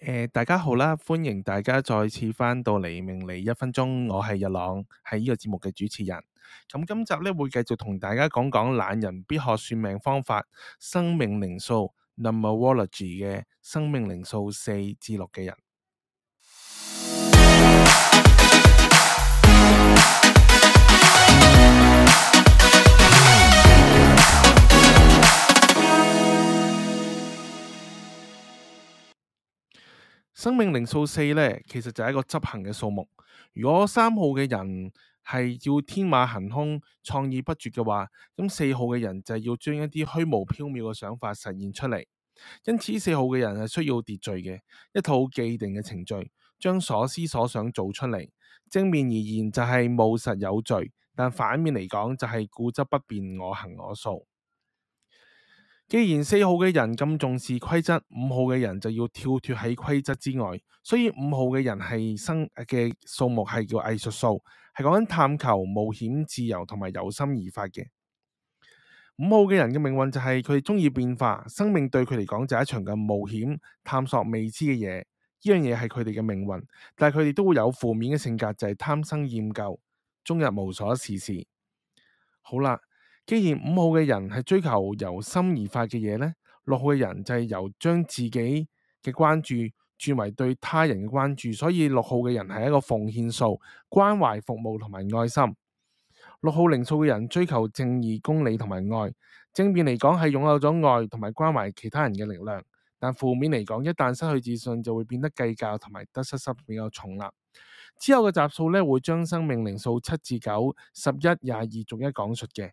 呃、大家好啦，歡迎大家再次返到黎明嚟一分鐘，我係日朗，係呢個節目嘅主持人。咁今集咧會繼續同大家講講懶人必學算命方法，生命靈數 （Numerology） 嘅生命靈數四至六嘅人。生命靈數四呢，其實就係一個執行嘅數目。如果三號嘅人係要天馬行空、創意不絕嘅話，咁四號嘅人就要將一啲虛無縹緲嘅想法實現出嚟。因此，四號嘅人係需要秩序嘅一套既定嘅程序，將所思所想做出嚟。正面而言就係務實有序，但反面嚟講就係固執不變、我行我素。既然四號嘅人咁重視規則，五號嘅人就要跳脱喺規則之外。所以五號嘅人係生嘅數目係叫藝術數，係講緊探求、冒險、自由同埋由心而發嘅。五號嘅人嘅命運就係佢哋中意變化，生命對佢嚟講就係一場嘅冒險，探索未知嘅嘢。呢樣嘢係佢哋嘅命運，但係佢哋都會有負面嘅性格，就係貪新厭舊，終日無所事事。好啦。既然五號嘅人係追求由心而發嘅嘢呢，六號嘅人就係由將自己嘅關注轉為對他人嘅關注，所以六號嘅人係一個奉獻數、關懷、服務同埋愛心。六號靈數嘅人追求正義、公理同埋愛。正面嚟講係擁有咗愛同埋關懷其他人嘅力量，但負面嚟講，一旦失去自信，就會變得計較同埋得失心比較重啦。之後嘅集數呢會將生命靈數七至九、十一、廿二逐一講述嘅。